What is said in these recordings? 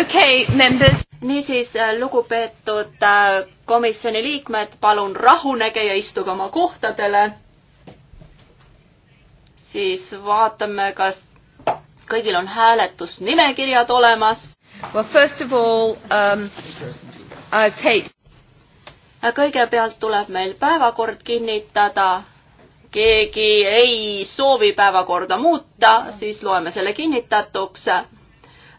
okay, members. niisiis, äh, lugupeetud äh, komisjoni liikmed, palun rahunege ja istuge oma kohtadele. siis vaatame, kas kõigil on hääletusnimekirjad olemas. Well first of all um, I'll take. Äh, kõigepealt tuleb meil päevakord kinnitada. keegi ei soovi päevakorda muuta, siis loeme selle kinnitatuks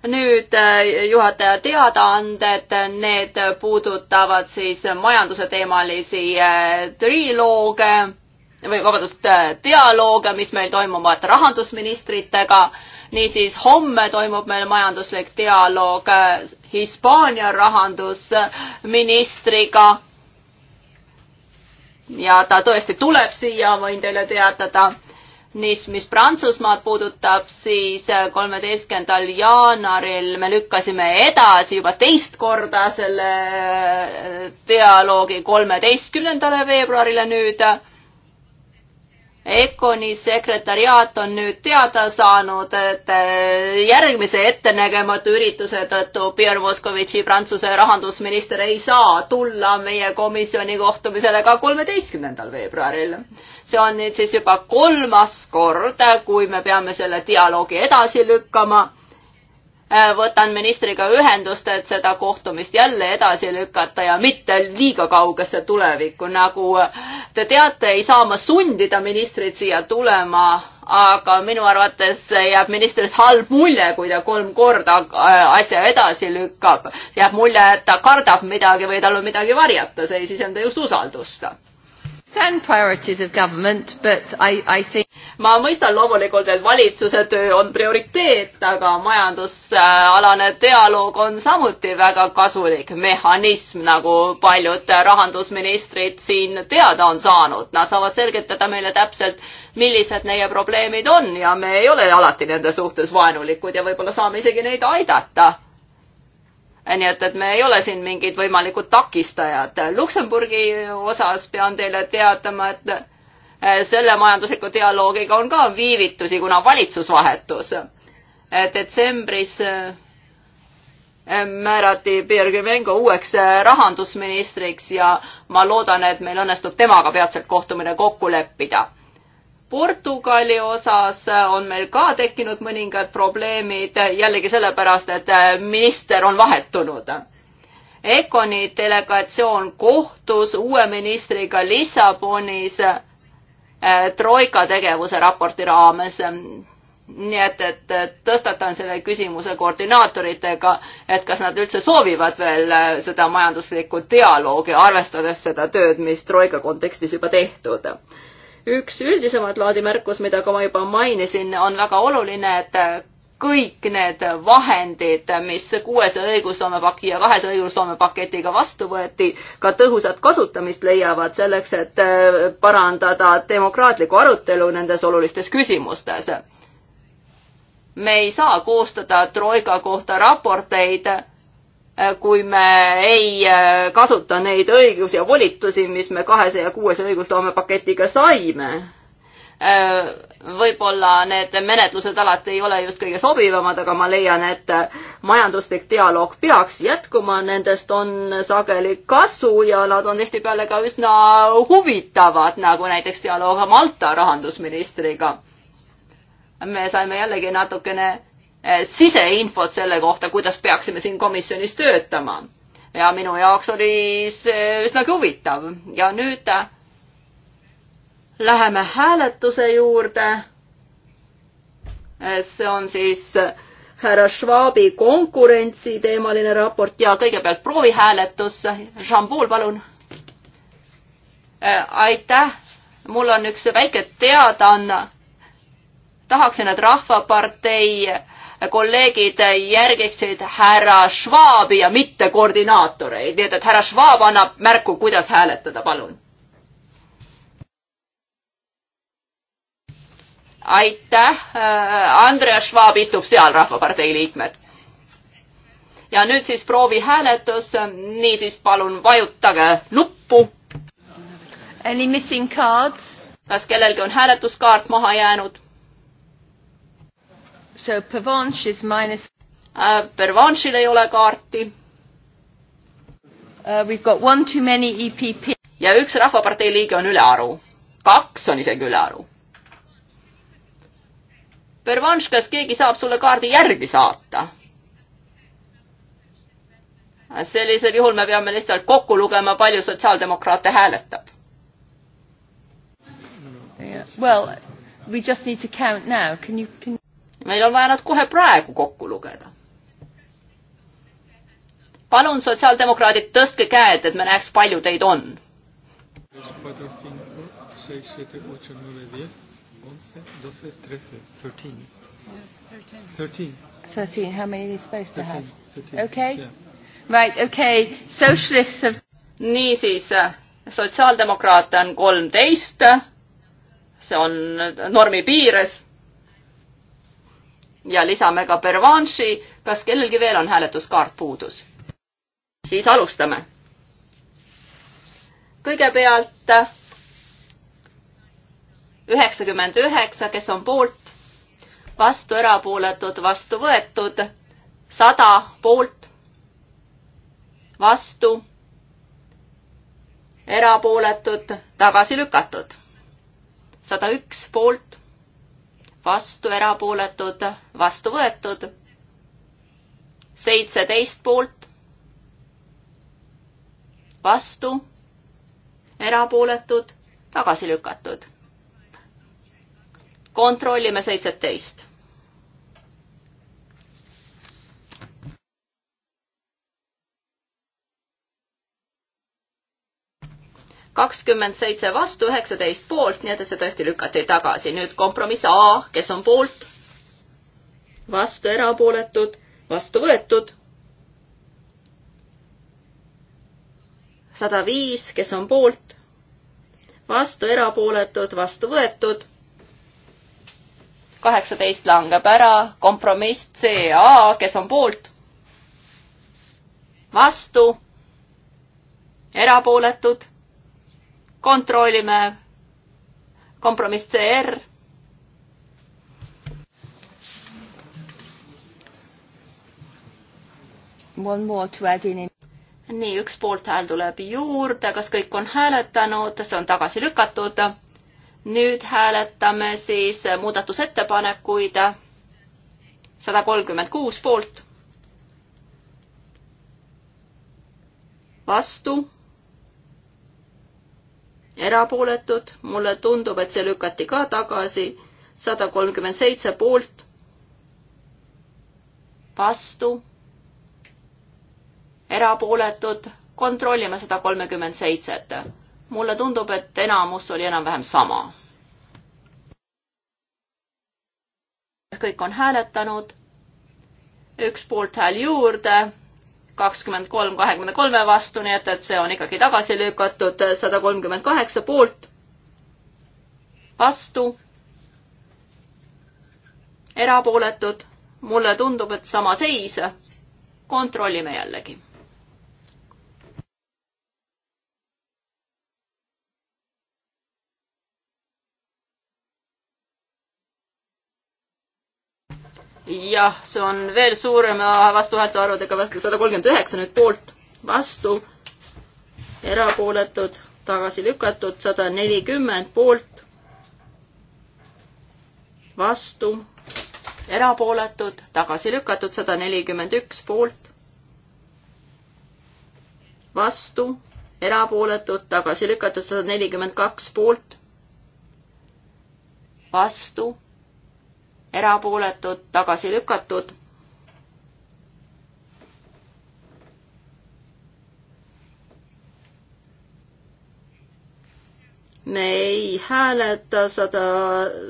nüüd äh, juhataja teadaanded, need puudutavad siis majanduse teemalisi äh, triloog või vabandust, äh, dialoog, mis meil toimuvad rahandusministritega. niisiis homme toimub meil majanduslik dialoog Hispaania rahandusministriga. ja ta tõesti tuleb siia, võin teile teatada mis, mis Prantsusmaad puudutab, siis äh, kolmeteistkümnendal jaanuaril me lükkasime edasi juba teist korda selle äh, dialoogi kolmeteistkümnendale veebruarile nüüd. ECONi sekretariaat on nüüd teada saanud, et äh, järgmise ettenägematu ürituse tõttu Pierre Moskovitši, Prantsuse rahandusminister, ei saa tulla meie komisjoni kohtumisele ka kolmeteistkümnendal veebruaril see on nüüd siis juba kolmas kord, kui me peame selle dialoogi edasi lükkama. Äh, võtan ministriga ühendust, et seda kohtumist jälle edasi lükata ja mitte liiga kaugesse tulevikku, nagu äh, te teate, ei saa ma sundida ministrit siia tulema, aga minu arvates jääb ministrist halb mulje, kui ta kolm korda äh, asja edasi lükkab. jääb mulje, et ta kardab midagi või tal on midagi varjata, see ei sisenda just usaldust understand priorities of government, but I, I think ma mõistan loomulikult, et valitsuse töö on prioriteet, aga majandusalane dialoog on samuti väga kasulik mehhanism, nagu paljud rahandusministrid siin teada on saanud. Nad saavad selgitada meile täpselt, millised meie probleemid on ja me ei ole alati nende suhtes vaenulikud ja võib-olla saame isegi neid aidata nii et, et me ei ole siin mingid võimalikud takistajad. Luksemburgi osas pean teile teatama, et eh, selle majandusliku dialoogiga on ka viivitusi, kuna valitsus vahetus. Eh, detsembris eh, määrati Pierre Mengo uueks rahandusministriks ja ma loodan, et meil õnnestub temaga peatselt kohtumine kokku leppida Portugali osas on meil ka tekkinud mõningad probleemid, jällegi sellepärast, et äh, minister on vahetunud. Econi delegatsioon kohtus uue ministriga Lissabonis äh, troika tegevuse raporti raames. nii et, et tõstatan selle küsimuse koordinaatoritega, et kas nad üldse soovivad veel äh, seda majanduslikku dialoogi, arvestades seda tööd, mis troika kontekstis juba tehtud üks üldisemat laadi märkus, mida ka ma juba mainisin, on väga oluline, et kõik need vahendid, mis kuuesaja õigusloomepaki ja kahesaja õigusloomepaketiga vastu võeti, ka tõhusat kasutamist leiavad selleks, et äh, parandada demokraatlikku arutelu nendes olulistes küsimustes. me ei saa koostada Troika kohta raporteid Äh, kui me ei äh, kasuta neid õigusi ja volitusi, mis me kahesaja kuuese õigusloomepaketiga saime. Äh, võib-olla need menetlused alati ei ole just kõige sobivamad, aga ma leian, et majanduslik dialoog peaks jätkuma, nendest on sageli kasu ja nad on tihtipeale ka üsna huvitavad, nagu näiteks dialoog Malta rahandusministriga. me saime jällegi natukene Eh, siseinfot selle kohta, kuidas peaksime siin komisjonis töötama. ja minu jaoks oli see üsnagi huvitav ja nüüd eh, läheme hääletuse juurde. Eh, see on siis härra Schwabi konkurentsiteemaline raport ja kõigepealt proovihääletus. Jean-Paul, palun. aitäh, mul on üks väike teadaanne. tahaksin, et Rahvapartei kolleegid järgiksid härra Schwabi ja mitte koordinaatoreid, nii et, et härra Schwab annab märku, kuidas hääletada, palun. aitäh, Andreas Schwab istub seal, Rahvapartei liikmed. ja nüüd siis proovi hääletus, niisiis palun vajutage nuppu. Any missing cards? kas kellelgi on hääletuskaart maha jäänud? So Pavanche is minus uh,. Äh, Pervanšil ei ole kaarti uh,. We've got one too many EPP. ja üks Rahvapartei liige on ülearu. kaks on isegi ülearu. Pervanš, kas keegi saab sulle kaardi järgi saata? Äh, sellisel juhul me peame lihtsalt kokku lugema, palju sotsiaaldemokraate hääletab. Well, we just need to count now. Can you can meil on vaja nad kohe praegu kokku lugeda. palun, sotsiaaldemokraadid, tõstke käed, et me näeks, palju teid on. Thirteen. How many are you supposed to have? Okay. Yeah. Right. Okay. Socialists have. Niisiis, sotsiaaldemokraate on kolmteist. see on normi piires ja lisame ka Bervanši. kas kellelgi veel on hääletuskaart puudus? siis alustame. kõigepealt üheksakümmend üheksa, kes on poolt, vastu erapooletud, vastu võetud, sada poolt, vastu, erapooletud, tagasi lükatud, sada üks poolt, vastu erapooletud, vastu võetud. seitseteist poolt, vastu, erapooletud, tagasi lükatud. kontrollime seitseteist. kakskümmend seitse vastu, üheksateist poolt, nii et see tõesti lükati tagasi. nüüd kompromiss A, kes on poolt, vastu erapooletud, vastu võetud. sada viis, kes on poolt, vastu erapooletud, vastu võetud. kaheksateist langeb ära, kompromiss C A, kes on poolt, vastu, erapooletud kontrollime kompromiss CR. One more to add in nii, üks poolthääl tuleb juurde, kas kõik on hääletanud, see on tagasi lükatud. nüüd hääletame siis muudatusettepanekuid. sada kolmkümmend kuus poolt. vastu erapooletud, mulle tundub, et see lükati ka tagasi, sada kolmkümmend seitse poolt, vastu, erapooletud, kontrollime sada kolmekümmend seitset. mulle tundub, et enamus oli enam-vähem sama. kõik on hääletanud, üks poolthääl juurde kakskümmend kolm kahekümne kolme vastu, nii et, et see on ikkagi tagasi lükatud, sada kolmkümmend kaheksa poolt, vastu, erapooletud, mulle tundub, et sama seis, kontrollime jällegi jah, see on veel suurema äh, vastuhäälte arvudega, vastu sada kolmkümmend üheksa nüüd poolt, vastu, erapooletud, tagasi lükatud, sada nelikümmend poolt, vastu, erapooletud, tagasi lükatud, sada nelikümmend üks poolt, vastu, erapooletud, tagasi lükatud, sada nelikümmend kaks poolt, vastu erapooletud, tagasi lükatud. me ei hääleta sada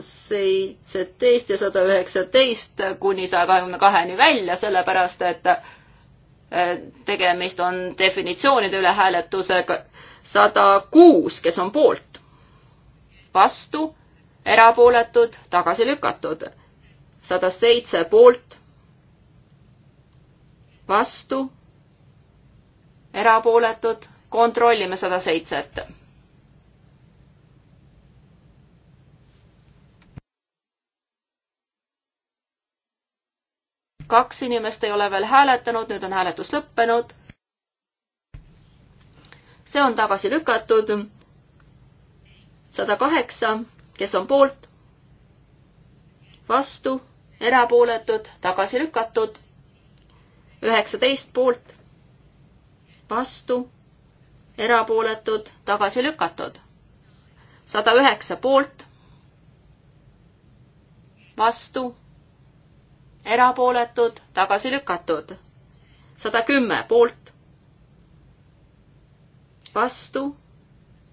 seitseteist ja sada üheksateist kuni saja kahekümne kaheni välja, sellepärast et tegemist on definitsioonide üle hääletusega sada kuus, kes on poolt, vastu, erapooletud, tagasi lükatud sada seitse poolt, vastu, erapooletud, kontrollime sada seitset. kaks inimest ei ole veel hääletanud, nüüd on hääletus lõppenud. see on tagasi lükatud. sada kaheksa, kes on poolt vastu, erapooletud, tagasi lükatud. üheksateist poolt, vastu, erapooletud, tagasi lükatud. sada üheksa poolt, vastu, erapooletud, tagasi lükatud. sada kümme poolt, vastu,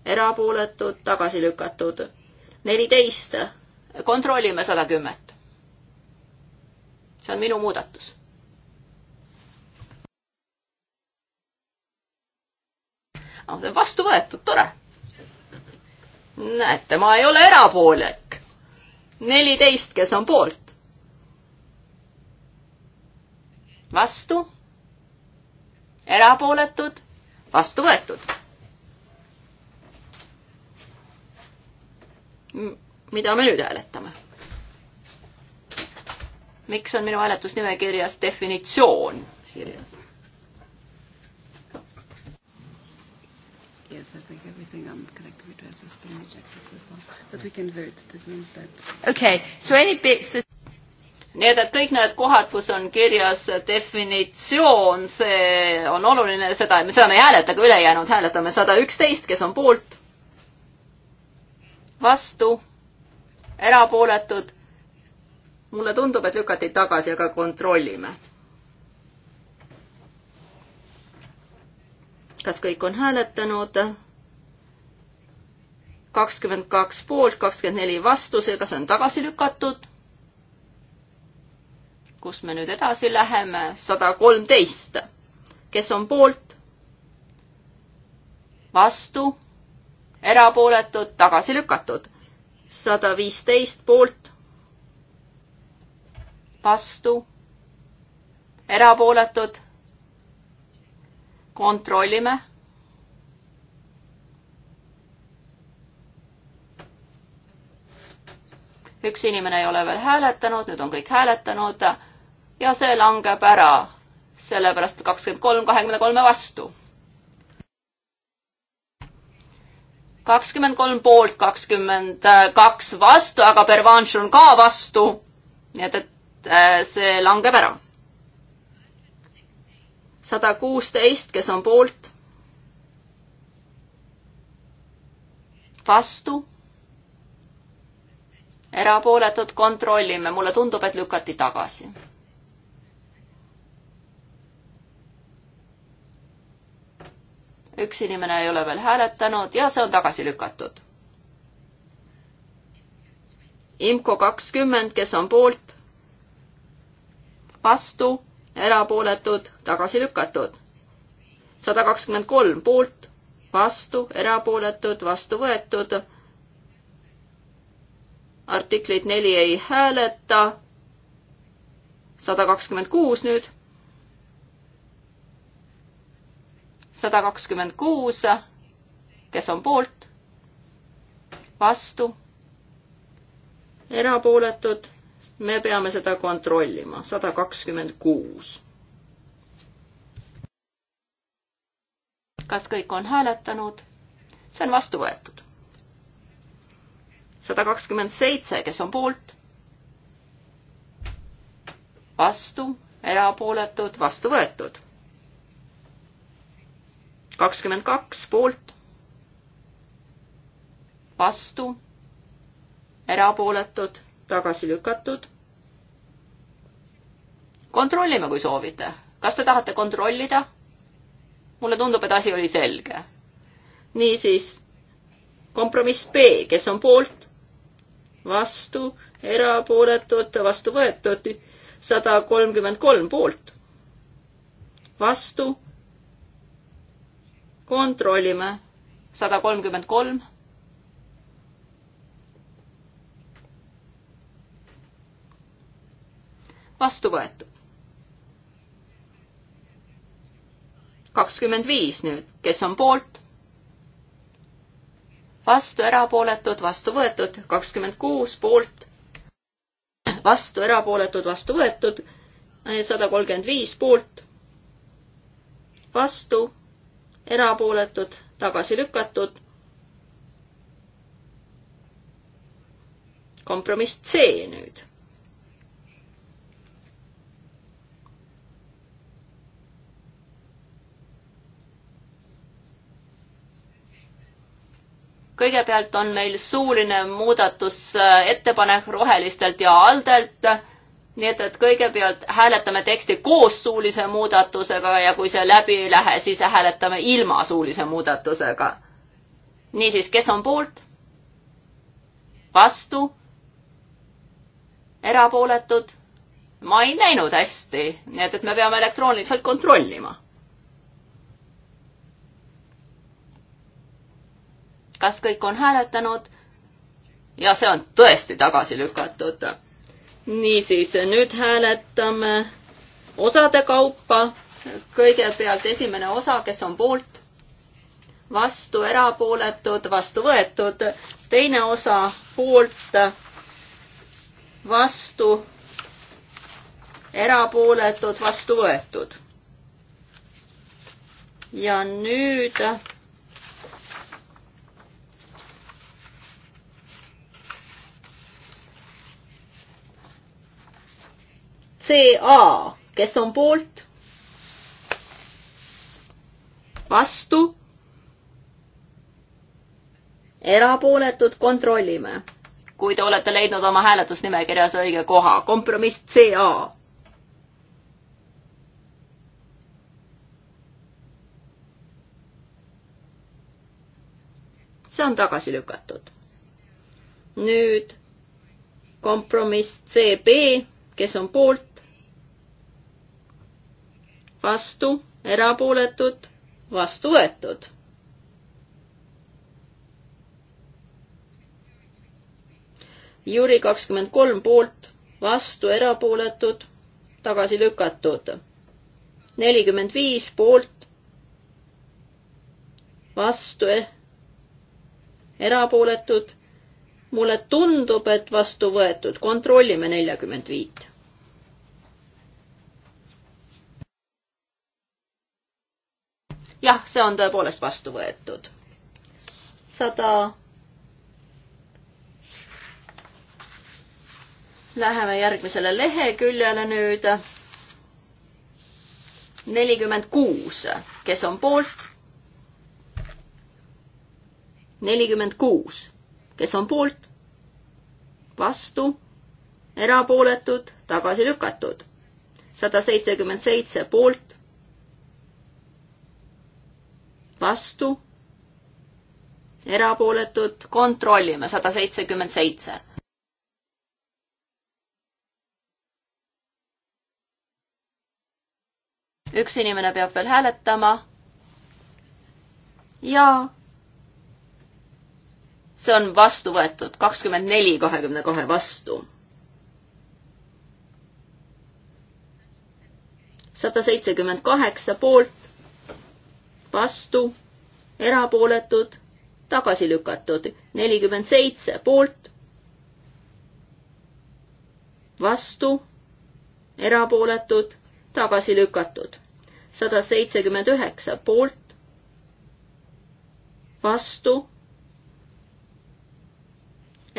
erapooletud, tagasi lükatud. neliteist, kontrollime sada kümmet see on minu muudatus. Ah, see on vastu võetud, tore. näete, ma ei ole erapoolik. neliteist, kes on poolt. vastu. erapooletud, vastu võetud mida me nüüd hääletame? miks on minu hääletusnimekirjas definitsioon kirjas? Yes, I think everything on collective redress has been rejected so far. But we can vote. This means that... Okay, so any bits that... nii et, et kõik need kohad, kus on kirjas definitsioon, see on oluline, seda, seda me ei hääleta, aga ülejäänud hääletame sada üksteist, kes on poolt, vastu, erapooletud mulle tundub, et lükati tagasi, aga kontrollime. kas kõik on hääletanud? kakskümmend kaks poolt, kakskümmend neli vastu, seega see on tagasi lükatud. kus me nüüd edasi läheme? sada kolmteist. kes on poolt? vastu? erapooletud, tagasi lükatud. sada viisteist poolt, vastu, erapooletud. kontrollime. üks inimene ei ole veel hääletanud, nüüd on kõik hääletanud ja see langeb ära, sellepärast kakskümmend kolm kahekümne kolme vastu kakskümmend kolm poolt, kakskümmend kaks vastu, aga Pervanš on ka vastu. nii et, et Äh, see langeb ära. sada kuusteist, kes on poolt? vastu? erapooletud, kontrollime, mulle tundub, et lükati tagasi üks inimene ei ole veel hääletanud ja see on tagasi lükatud. IMCO kakskümmend, kes on poolt? vastu, erapooletud, tagasi lükatud. sada kakskümmend kolm poolt, vastu, erapooletud, vastu võetud. artiklit neli ei hääleta. sada kakskümmend kuus nüüd. sada kakskümmend kuus, kes on poolt, vastu, erapooletud me peame seda kontrollima, sada kakskümmend kuus. kas kõik on hääletanud? see on vastu võetud. sada kakskümmend seitse, kes on poolt? vastu, erapooletud, vastu võetud. kakskümmend kaks poolt, vastu, erapooletud tagasi lükatud. kontrollime, kui soovite. kas te tahate kontrollida? mulle tundub, et asi oli selge. niisiis, kompromiss B, kes on poolt, vastu, erapooletud, vastu võetud, sada kolmkümmend kolm poolt, vastu, kontrollime, sada kolmkümmend kolm vastu võetud. kakskümmend viis nüüd, kes on poolt? vastu erapooletud, vastu võetud, kakskümmend kuus poolt, vastu erapooletud, vastu võetud, sada kolmkümmend viis poolt, vastu, erapooletud, tagasi lükatud. kompromiss C nüüd kõigepealt on meil suuline muudatusettepanek rohelistelt ja aldelt. nii et, et kõigepealt hääletame teksti koos suulise muudatusega ja kui see läbi ei lähe, siis hääletame ilma suulise muudatusega. niisiis, kes on poolt? vastu? erapooletud? ma ei näinud hästi, nii et, et me peame elektrooniliselt kontrollima kas kõik on hääletanud? ja see on tõesti tagasi lükatud. niisiis, nüüd hääletame osade kaupa. kõigepealt esimene osa, kes on poolt, vastu, erapooletud, vastu võetud. teine osa poolt, vastu, erapooletud, vastu võetud. ja nüüd CA, kes on poolt? vastu? erapooletud, kontrollime. kui te olete leidnud oma hääletusnimekirjas õige koha, kompromiss CA. see on tagasi lükatud. nüüd kompromiss CB, kes on poolt, vastu, erapooletud, vastu võetud. Jüri kakskümmend kolm poolt, vastu, erapooletud, tagasi lükatud. nelikümmend viis poolt, vastu, erapooletud. mulle tundub, et vastu võetud, kontrollime neljakümmend viit jah, see on tõepoolest vastu võetud. sada. Läheme järgmisele leheküljele nüüd. nelikümmend kuus, kes on poolt? nelikümmend kuus, kes on poolt? vastu, erapooletud, tagasi lükatud. sada seitsekümmend seitse poolt vastu, erapooletud, kontrollime, sada seitsekümmend seitse. üks inimene peab veel hääletama ja see on vastu võetud, kakskümmend neli kahekümne kahe vastu. sada seitsekümmend kaheksa poolt, vastu, erapooletud, tagasi lükatud, nelikümmend seitse poolt, vastu, erapooletud, tagasi lükatud, sada seitsekümmend üheksa poolt, vastu,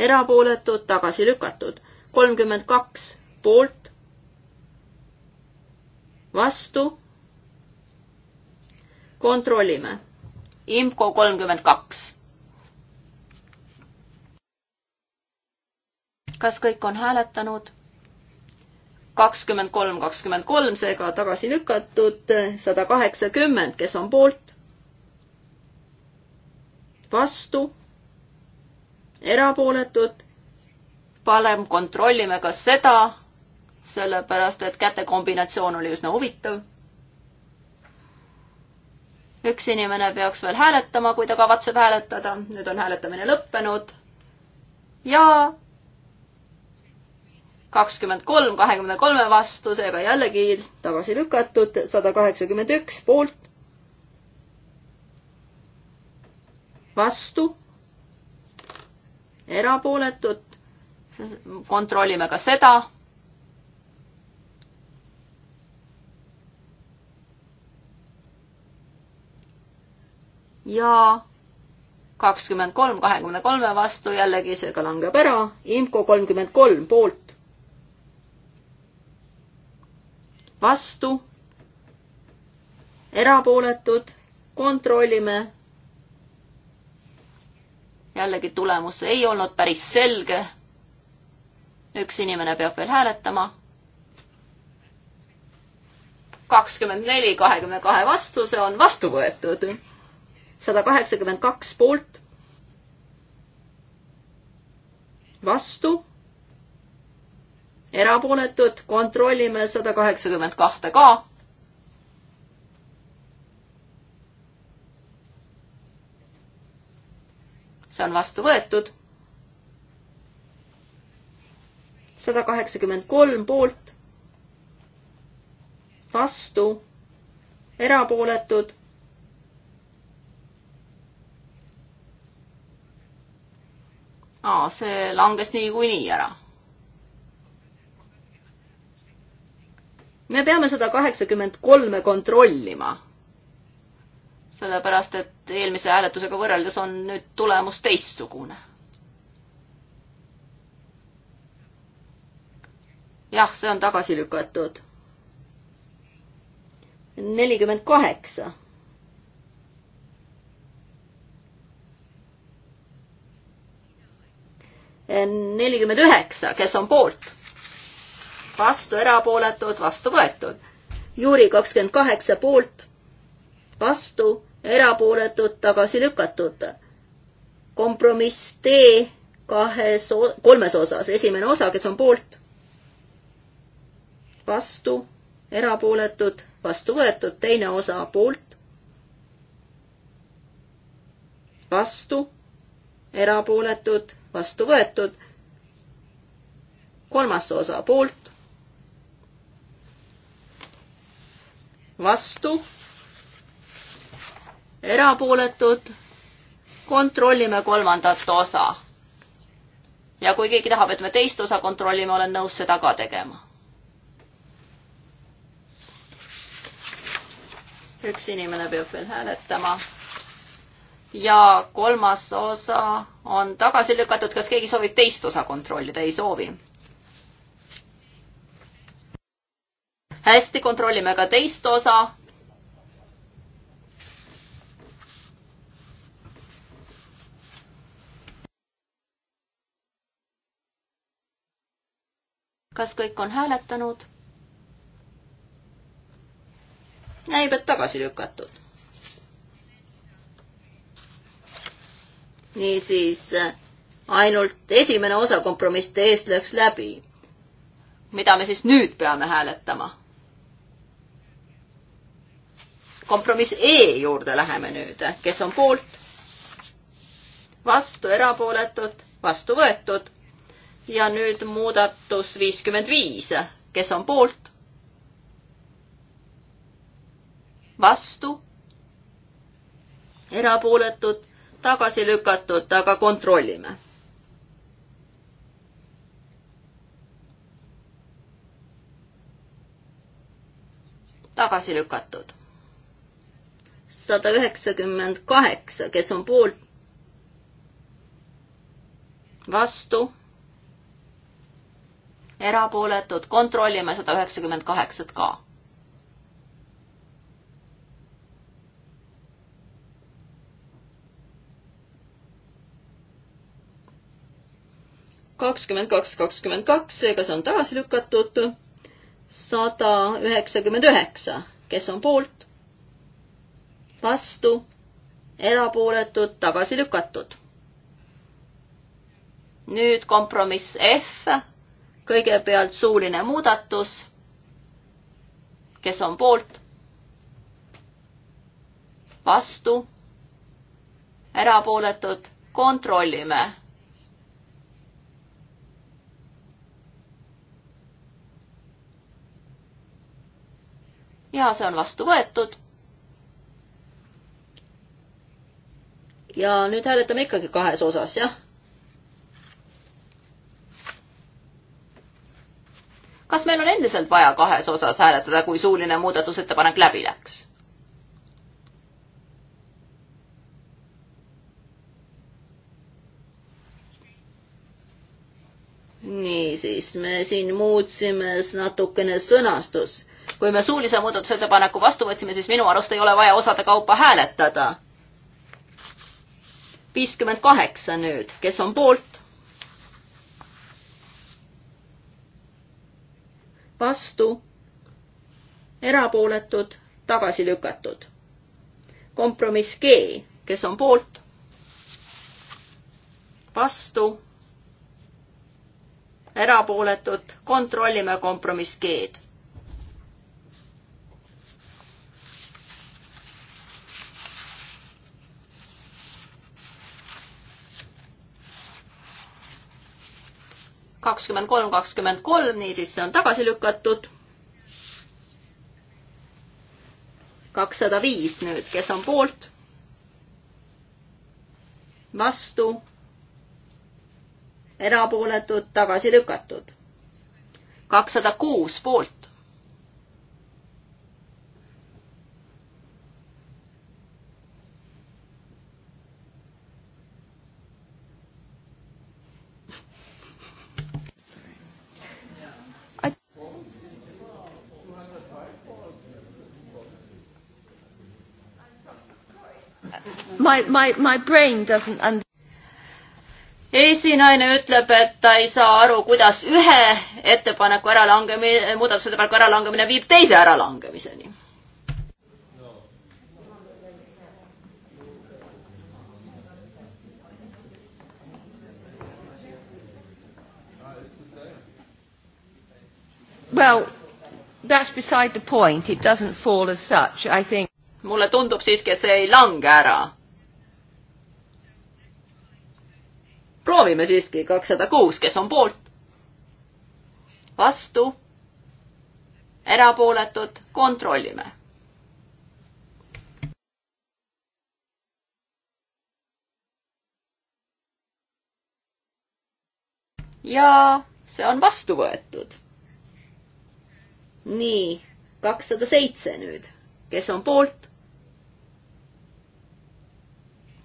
erapooletud, tagasi lükatud, kolmkümmend kaks poolt, vastu kontrollime. IMCO kolmkümmend kaks. kas kõik on hääletanud? kakskümmend kolm, kakskümmend kolm, seega tagasi lükatud sada kaheksakümmend, kes on poolt? vastu? erapooletud? parem kontrollime ka seda, sellepärast et käte kombinatsioon oli üsna huvitav üks inimene peaks veel hääletama, kui ta kavatseb hääletada. nüüd on hääletamine lõppenud. ja kakskümmend kolm, kahekümne kolme vastu, seega jällegi tagasi lükatud, sada kaheksakümmend üks poolt. vastu, erapooletud, kontrollime ka seda ja kakskümmend kolm kahekümne kolme vastu, jällegi see ka langeb ära, IMCO kolmkümmend kolm poolt. vastu, erapooletud, kontrollime. jällegi tulemus ei olnud päris selge. üks inimene peab veel hääletama. kakskümmend neli kahekümne kahe vastu, see on vastu võetud sada kaheksakümmend kaks poolt, vastu, erapooletud, kontrollime sada kaheksakümmend kahte ka. see on vastu võetud. sada kaheksakümmend kolm poolt, vastu, erapooletud aa, see langes niikuinii ära. me peame seda kaheksakümmend kolme kontrollima. sellepärast, et eelmise hääletusega võrreldes on nüüd tulemus teistsugune. jah, see on tagasi lükatud. nelikümmend kaheksa nelikümmend üheksa, kes on poolt? vastu, erapooletud, vastu võetud. Juri kakskümmend kaheksa poolt, vastu, erapooletud, tagasi lükatud. kompromiss D kahes, kolmes osas, esimene osa, kes on poolt, vastu, erapooletud, vastu võetud, teine osa poolt, vastu, erapooletud vastu võetud. kolmas osa poolt, vastu, erapooletud, kontrollime kolmandat osa. ja kui keegi tahab, et me teist osa kontrollime, olen nõus seda ka tegema. üks inimene peab veel hääletama ja kolmas osa on tagasi lükatud, kas keegi soovib teist osa kontrollida, ei soovi. hästi, kontrollime ka teist osa. kas kõik on hääletanud? näib, et tagasi lükatud niisiis ainult esimene osa kompromisside eest läks läbi. mida me siis nüüd peame hääletama? kompromiss E juurde läheme nüüd, kes on poolt? vastu, erapooletud, vastu võetud. ja nüüd muudatus viiskümmend viis, kes on poolt? vastu, erapooletud tagasi lükatud, aga kontrollime. tagasi lükatud. sada üheksakümmend kaheksa, kes on poolt, vastu, erapooletud, kontrollime sada üheksakümmend kaheksat ka kakskümmend kaks, kakskümmend kaks, seega see on tagasi lükatud. sada üheksakümmend üheksa, kes on poolt, vastu, erapooletud, tagasi lükatud. nüüd kompromiss F, kõigepealt suuline muudatus. kes on poolt, vastu, erapooletud, kontrollime ja see on vastu võetud. ja nüüd hääletame ikkagi kahes osas, jah. kas meil on endiselt vaja kahes osas hääletada, kui suuline muudatusettepanek läbi läks? niisiis, me siin muutsime natukene sõnastus kui me suulise muudatusettepaneku vastu võtsime, siis minu arust ei ole vaja osade kaupa hääletada. viiskümmend kaheksa nüüd, kes on poolt? vastu, erapooletud, tagasi lükatud. kompromiss G, kes on poolt? vastu, erapooletud, kontrollime kompromiss G-d kakskümmend kolm, kakskümmend kolm, niisiis see on tagasi lükatud. kakssada viis nüüd, kes on poolt? vastu? erapooletud, tagasi lükatud. kakssada kuus poolt my, my, my brain doesn't understand esinaine ütleb, et ta ei saa aru, kuidas ühe ettepaneku äralangemine, muudatusettepaneku äralangemine viib teise äralangemiseni. Well, that's beside the point, it doesn't fall as such, I think. mulle tundub siiski, et see ei lange ära proovime siiski kakssada kuus, kes on poolt? vastu? erapooletud, kontrollime. ja see on vastu võetud. nii, kakssada seitse nüüd, kes on poolt?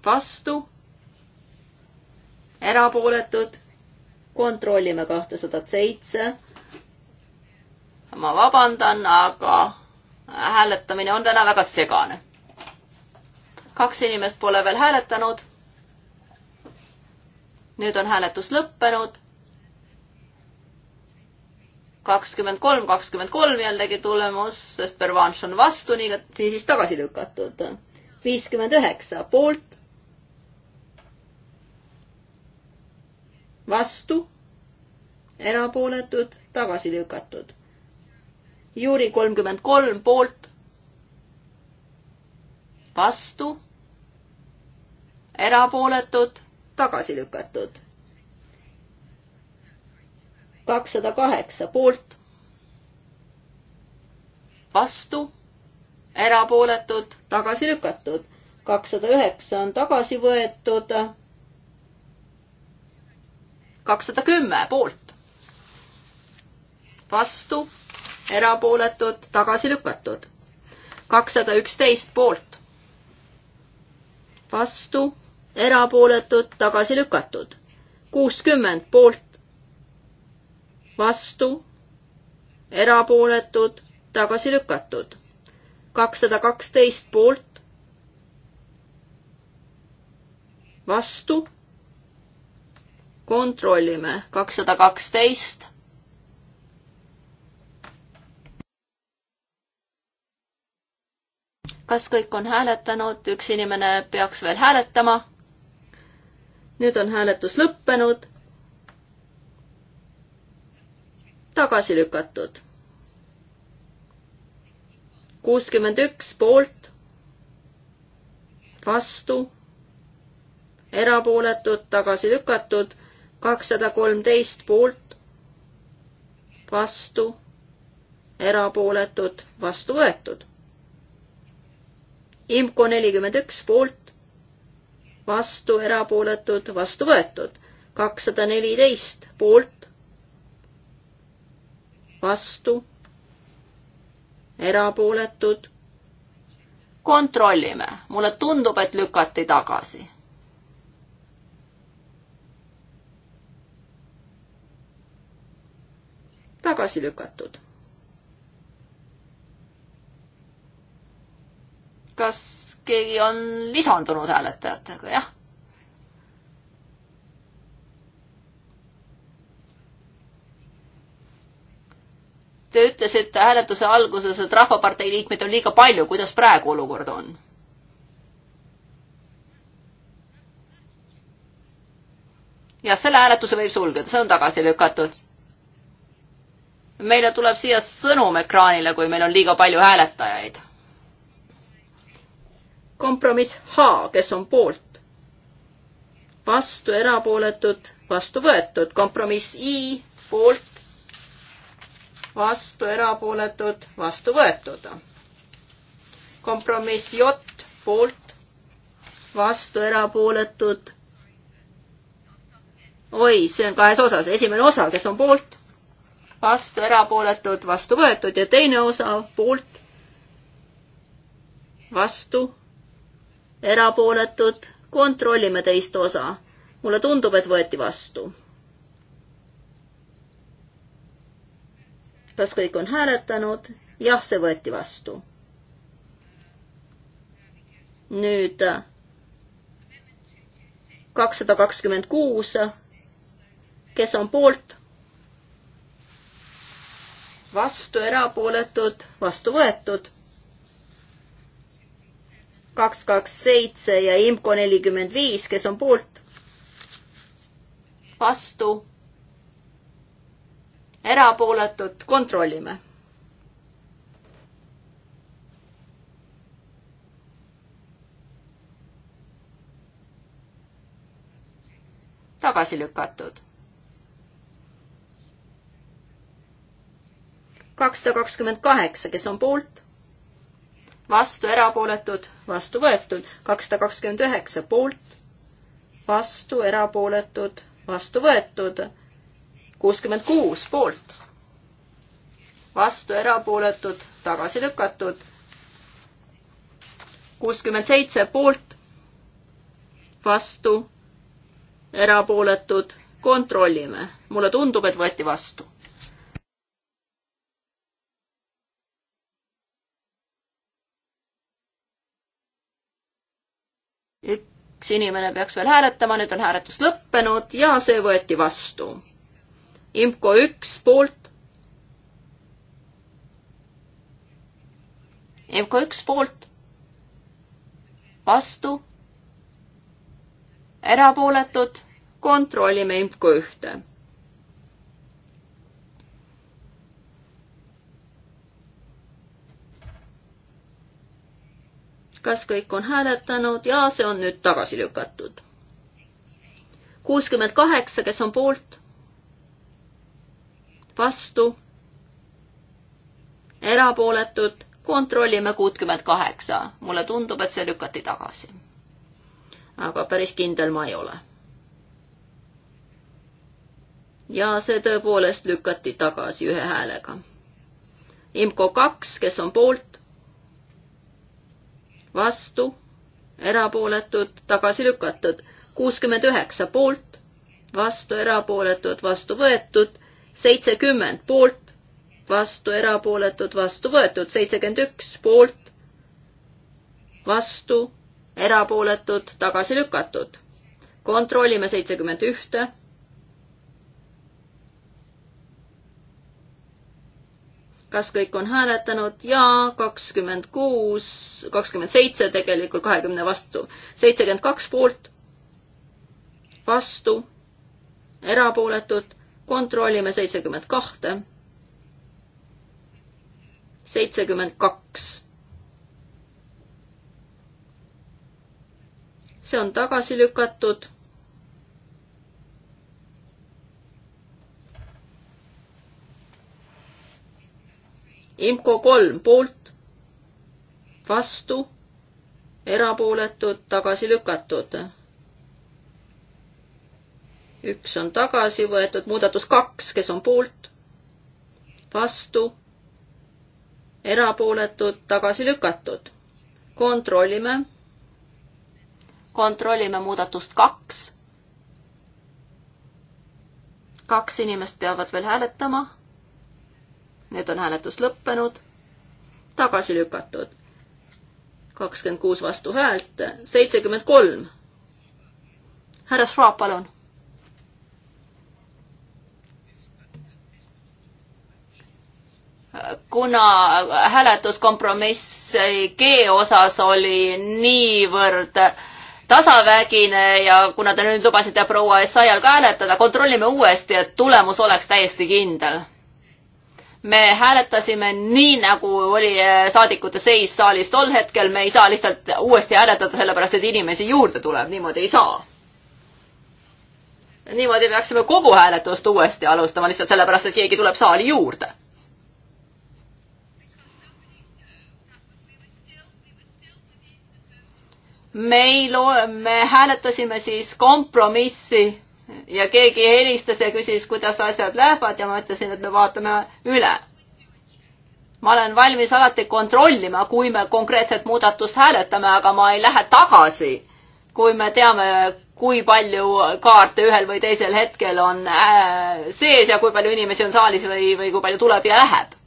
vastu erapooletud, kontrollime kahtesadat seitse. ma vabandan, aga hääletamine on täna väga segane. kaks inimest pole veel hääletanud. nüüd on hääletus lõppenud. kakskümmend kolm, kakskümmend kolm jällegi tulemus, sest Pervanš on vastu, nii et siis tagasi lükatud. viiskümmend üheksa poolt vastu, erapooletud, tagasi lükatud. Jüri kolmkümmend kolm poolt, vastu, erapooletud, tagasi lükatud. kakssada kaheksa poolt, vastu, erapooletud, tagasi lükatud. kakssada üheksa on tagasi võetud kakssada kümme poolt. vastu, erapooletud, tagasi lükatud. kakssada üksteist poolt. vastu, erapooletud, tagasi lükatud. kuuskümmend poolt. vastu, erapooletud, tagasi lükatud. kakssada kaksteist poolt. vastu kontrollime, kakssada kaksteist. kas kõik on hääletanud, üks inimene peaks veel hääletama. nüüd on hääletus lõppenud. tagasi lükatud. kuuskümmend üks poolt, vastu erapooletud, tagasi lükatud, kakssada kolmteist poolt, vastu, erapooletud, vastu võetud. IMCO nelikümmend üks poolt, vastu, erapooletud, vastu võetud. kakssada neliteist poolt, vastu, erapooletud. kontrollime, mulle tundub, et lükati tagasi tagasi lükatud. kas keegi on lisandunud hääletajatega, jah? Te ütlesite hääletuse alguses, et Rahvapartei liikmeid on liiga palju, kuidas praegu olukord on? jah, selle hääletuse võib sulgeda, see on tagasi lükatud meile tuleb siia sõnum ekraanile, kui meil on liiga palju hääletajaid. kompromiss H, kes on poolt? vastu, erapooletud, vastu võetud. kompromiss I, poolt, vastu, erapooletud, vastu võetud. kompromiss J, poolt, vastu, erapooletud. oi, see on kahes osas. esimene osa, kes on poolt vastu erapooletud, vastu võetud ja teine osa poolt, vastu, erapooletud, kontrollime teist osa. mulle tundub, et võeti vastu. kas kõik on hääletanud? jah, see võeti vastu. nüüd kakssada kakskümmend kuus, kes on poolt vastu erapooletud, vastu võetud. kaks, kaks, seitse ja IMCO nelikümmend viis, kes on poolt, vastu, erapooletud, kontrollime tagasi lükatud kakssada kakskümmend kaheksa, kes on poolt, vastu, erapooletud, vastu võetud, kakssada kakskümmend üheksa poolt, vastu, erapooletud, vastu võetud, kuuskümmend kuus poolt, vastu, erapooletud, tagasi lükatud, kuuskümmend seitse poolt, vastu, erapooletud, kontrollime. mulle tundub, et võeti vastu üks inimene peaks veel hääletama, nüüd on hääletus lõppenud ja see võeti vastu. IMCO üks poolt. IMCO üks poolt. vastu. erapooletud. kontrollime IMCO ühte kas kõik on hääletanud ja see on nüüd tagasi lükatud. kuuskümmend kaheksa, kes on poolt, vastu, erapooletud, kontrollime kuutkümmend kaheksa. mulle tundub, et see lükati tagasi. aga päris kindel ma ei ole. ja see tõepoolest lükati tagasi ühe häälega. IMCO kaks, kes on poolt, vastu, erapooletud, tagasi lükatud. kuuskümmend üheksa poolt, vastu, erapooletud, vastu võetud. seitsekümmend poolt, vastu, erapooletud, vastu võetud. seitsekümmend üks poolt, vastu, erapooletud, tagasi lükatud. kontrollime seitsekümmend ühte kas kõik on hääletanud? jaa, kakskümmend kuus, kakskümmend seitse tegelikult, kahekümne vastu. seitsekümmend kaks poolt, vastu, erapooletud, kontrollime seitsekümmend kahte. seitsekümmend kaks. see on tagasi lükatud IMCO kolm poolt, vastu, erapooletud, tagasi lükatud. üks on tagasi võetud, muudatus kaks, kes on poolt, vastu, erapooletud, tagasi lükatud. kontrollime. kontrollime muudatust kaks. kaks inimest peavad veel hääletama nüüd on hääletus lõppenud, tagasi lükatud. kakskümmend kuus vastuhäält, seitsekümmend kolm. härra Schwab, palun. kuna hääletuskompromiss G osas oli niivõrd tasavägine ja kuna te nüüd lubasite proua Essayal ka hääletada, kontrollime uuesti, et tulemus oleks täiesti kindel me hääletasime nii, nagu oli äh, saadikute seis saalis tol hetkel, me ei saa lihtsalt uuesti hääletada, sellepärast et inimesi juurde tuleb, niimoodi ei saa. niimoodi peaksime kogu hääletust uuesti alustama, lihtsalt sellepärast, et keegi tuleb saali juurde. meil, me hääletasime siis kompromissi ja keegi helistas ja küsis, kuidas asjad lähevad ja ma ütlesin, et me vaatame üle. ma olen valmis alati kontrollima, kui me konkreetset muudatust hääletame, aga ma ei lähe tagasi, kui me teame, kui palju kaarte ühel või teisel hetkel on äh, sees ja kui palju inimesi on saalis või, või kui palju tuleb ja läheb.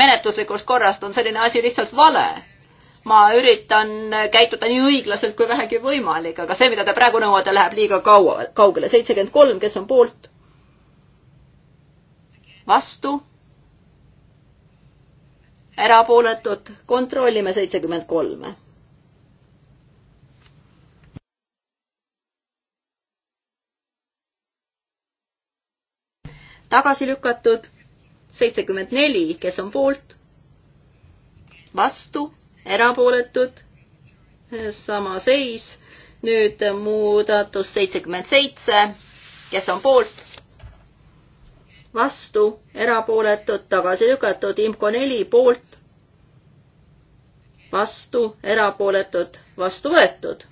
menetluslikust korrast on selline asi lihtsalt vale ma üritan käituda nii õiglaselt kui vähegi võimalik, aga see, mida te praegu nõuate, läheb liiga kaua, kaugele. seitsekümmend kolm, kes on poolt? vastu? erapooletud, kontrollime seitsekümmend kolme. tagasi lükatud seitsekümmend neli, kes on poolt? vastu erapooletud, sama seis. nüüd muudatus seitsekümmend seitse, kes on poolt? vastu, erapooletud, tagasi lükatud, IMCO neli poolt, vastu, erapooletud, vastu võetud.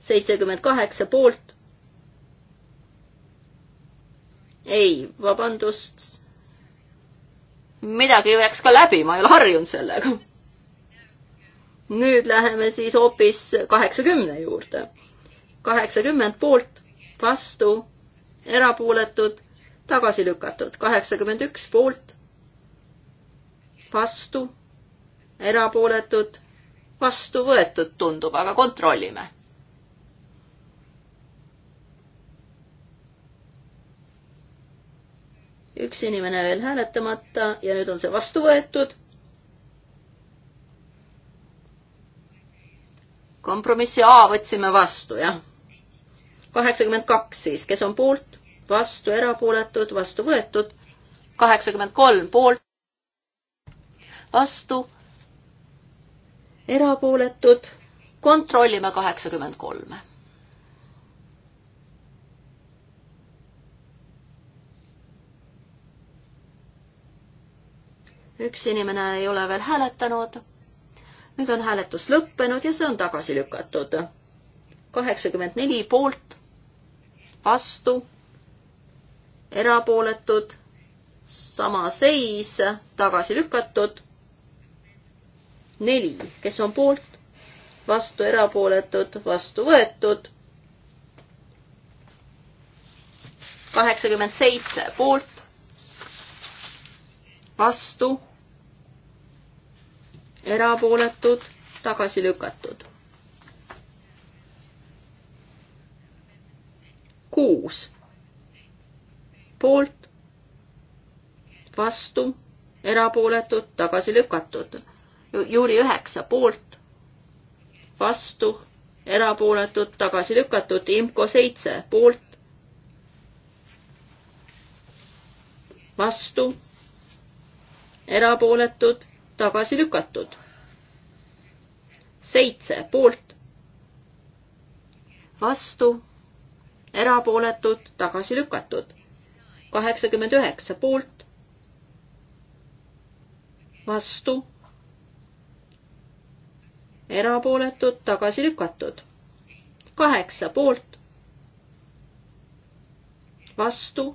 seitsekümmend kaheksa poolt. ei, vabandust. midagi läks ka läbi, ma ei ole harjunud sellega nüüd läheme siis hoopis kaheksakümne juurde. kaheksakümmend poolt, vastu, erapooletud, tagasi lükatud. kaheksakümmend üks poolt, vastu, erapooletud, vastu võetud tundub, aga kontrollime üks inimene veel hääletamata ja nüüd on see vastu võetud. kompromissi A võtsime vastu, jah. kaheksakümmend kaks siis, kes on poolt, vastu, erapooletud, vastu võetud. kaheksakümmend kolm poolt, vastu, erapooletud, kontrollime kaheksakümmend kolme üks inimene ei ole veel hääletanud nüüd on hääletus lõppenud ja see on tagasi lükatud. kaheksakümmend neli poolt, vastu, erapooletud, sama seis, tagasi lükatud. neli, kes on poolt, vastu, erapooletud, vastu võetud. kaheksakümmend seitse poolt, vastu erapooletud, tagasi lükatud. kuus poolt, vastu, erapooletud, tagasi lükatud. juuli üheksa poolt, vastu, erapooletud, tagasi lükatud, IMCO seitse poolt, vastu, erapooletud, tagasi lükatud. seitse poolt, vastu, erapooletud, tagasi lükatud. kaheksakümmend üheksa poolt, vastu, erapooletud, tagasi lükatud. kaheksa poolt, vastu,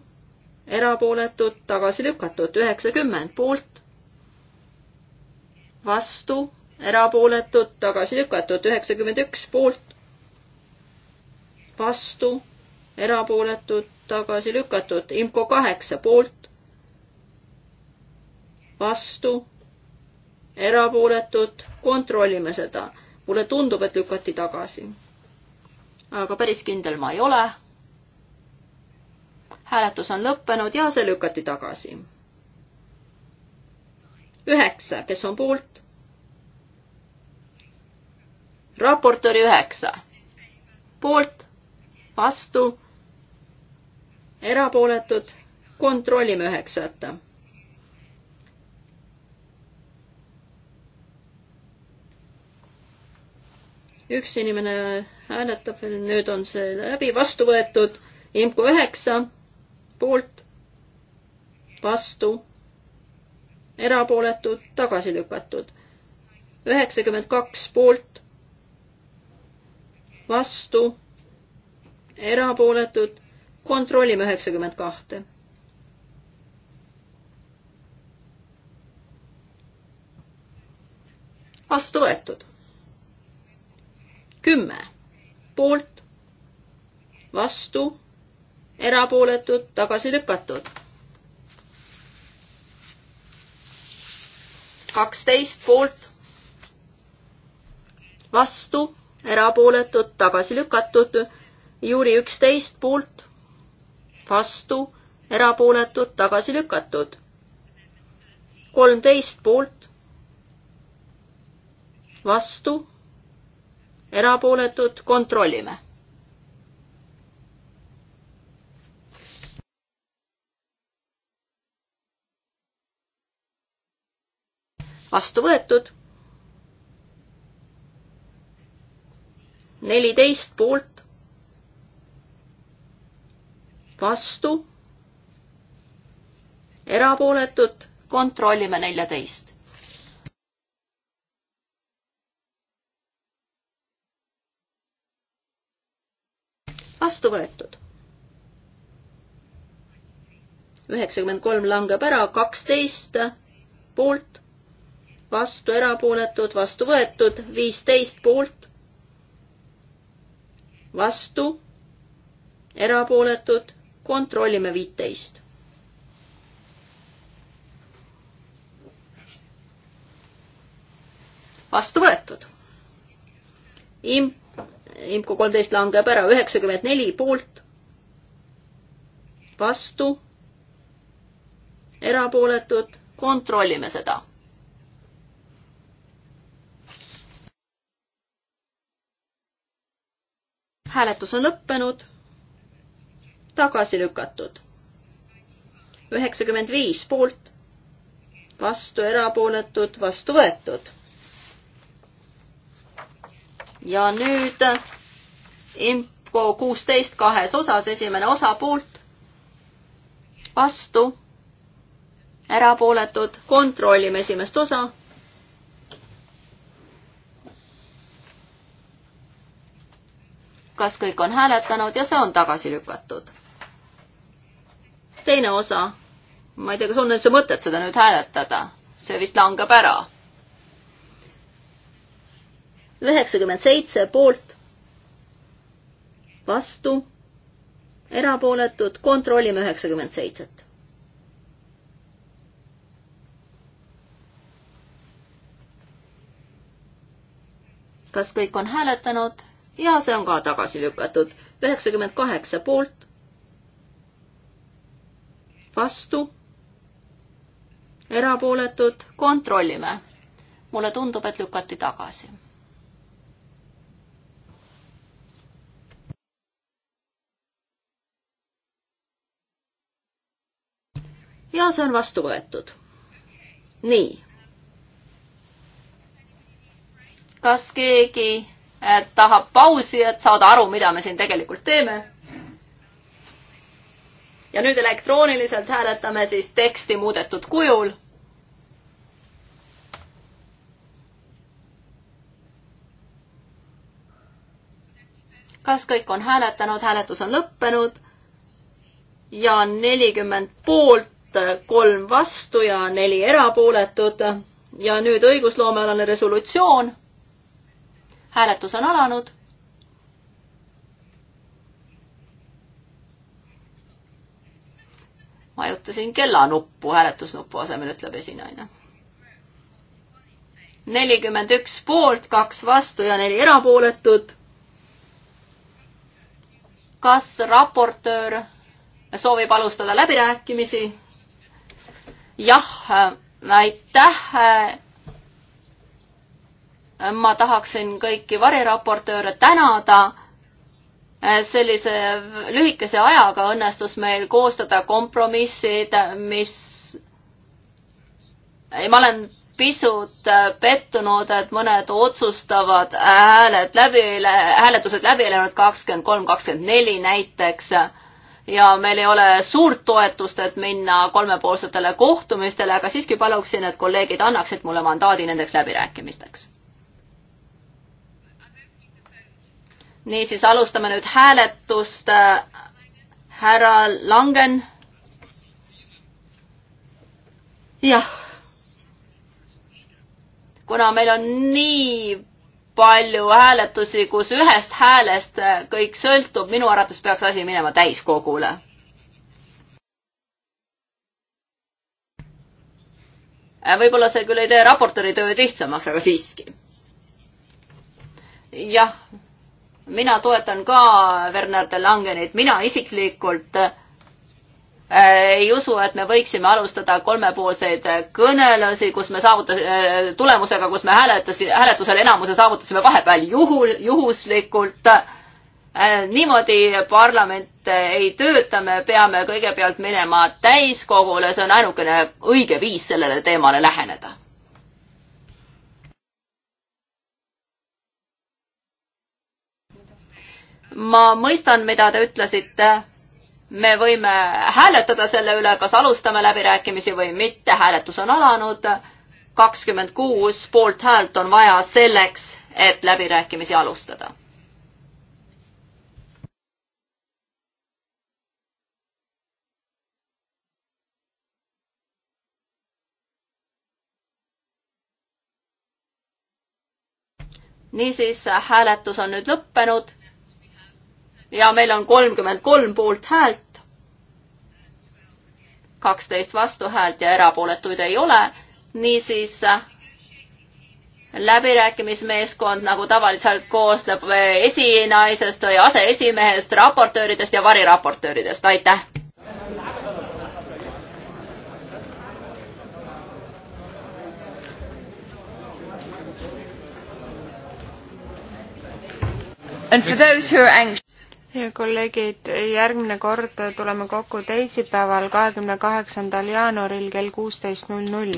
erapooletud, tagasi lükatud, üheksakümmend poolt vastu, erapooletud, tagasi lükatud, üheksakümmend üks poolt, vastu, erapooletud, tagasi lükatud, IMCO kaheksa poolt, vastu, erapooletud, kontrollime seda. mulle tundub, et lükati tagasi. aga päris kindel ma ei ole. hääletus on lõppenud ja see lükati tagasi üheksa, kes on poolt? raportööri üheksa. poolt, vastu, erapooletud, kontrollime üheksat. üks inimene hääletab veel, nüüd on see läbi, vastu võetud, IMCO üheksa, poolt, vastu erapooletud, tagasi lükatud. üheksakümmend kaks poolt, vastu, erapooletud, kontrollime üheksakümmend kahte. vastu võetud. kümme poolt, vastu, erapooletud, tagasi lükatud kaksteist poolt, vastu, erapooletud, tagasi lükatud. juuri üksteist poolt, vastu, erapooletud, tagasi lükatud. kolmteist poolt, vastu, erapooletud, kontrollime vastu võetud. neliteist poolt, vastu, erapooletud, kontrollime neljateist. vastu võetud. üheksakümmend kolm langeb ära, kaksteist poolt vastu erapooletud, vastu võetud, viisteist poolt, vastu, erapooletud, kontrollime viiteist. vastu võetud. Im-, Imko kolmteist langeb ära, üheksakümmend neli poolt, vastu, erapooletud, kontrollime seda hääletus on lõppenud, tagasi lükatud. üheksakümmend viis poolt, vastu erapooletud, vastu võetud. ja nüüd info kuusteist kahes osas, esimene osa poolt, vastu, erapooletud, kontrollime esimest osa kas kõik on hääletanud ja see on tagasi lükatud. teine osa, ma ei tea, kas on üldse mõtet seda nüüd hääletada, see vist langeb ära. üheksakümmend seitse poolt, vastu, erapooletud, kontrollime üheksakümmend seitset. kas kõik on hääletanud? ja see on ka tagasi lükatud. üheksakümmend kaheksa poolt, vastu, erapooletud, kontrollime. mulle tundub, et lükati tagasi. ja see on vastu võetud. nii. kas keegi tahab pausi, et saada aru, mida me siin tegelikult teeme. ja nüüd elektrooniliselt hääletame siis teksti muudetud kujul kas kõik on hääletanud, hääletus on lõppenud ja nelikümmend poolt, kolm vastu ja neli erapooletut ja nüüd õigusloomealane resolutsioon hääletus on alanud. vajutasin kellanuppu hääletusnupu asemel, ütleb esinaine. nelikümmend üks poolt, kaks vastu ja neli erapooletut. kas raportöör soovib alustada läbirääkimisi? jah, äh, aitäh äh, ma tahaksin kõiki variraportööre tänada. sellise lühikese ajaga õnnestus meil koostada kompromissid, mis, ma olen pisut äh, pettunud, et mõned otsustavad hääled läbi, hääletused läbi ei läinud kakskümmend kolm, kakskümmend neli näiteks ja meil ei ole suurt toetust, et minna kolmepoolsetele kohtumistele, aga siiski paluksin, et kolleegid annaksid mulle mandaadi nendeks läbirääkimisteks. niisiis, alustame nüüd hääletust. härra Langen. jah. kuna meil on nii palju hääletusi, kus ühest häälest kõik sõltub, minu arvates peaks asi minema täiskogule võib-olla see küll ei tee raportööri tööd lihtsamaks, aga siiski. jah, mina toetan ka Werner de Langenit, mina isiklikult äh, ei usu, et me võiksime alustada kolmepoolseid kõnelusi, kus me saavutasime äh, tulemusega, kus me hääletasime, hääletusel enamuse saavutasime vahepeal juhul, juhuslikult. Äh, niimoodi parlament ei tööta, me peame kõigepealt minema täiskogule, see on ainukene õige viis sellele teemale läheneda ma mõistan, mida te ütlesite. me võime hääletada selle üle, kas alustame läbirääkimisi või mitte, hääletus on alanud. kakskümmend kuus poolthäält on vaja selleks, et läbirääkimisi alustada niisiis hääletus on nüüd lõppenud ja meil on kolmkümmend kolm poolthäält, kaksteist vastuhäält ja erapooletuid ei ole, niisiis läbirääkimismeeskond nagu tavaliselt koosneb esinaisest või aseesimehest, raportööridest ja variraportööridest, aitäh! And for those who are anxious kolleegid, järgmine kord tuleme kokku teisipäeval, kahekümne kaheksandal jaanuaril kell kuusteist null null.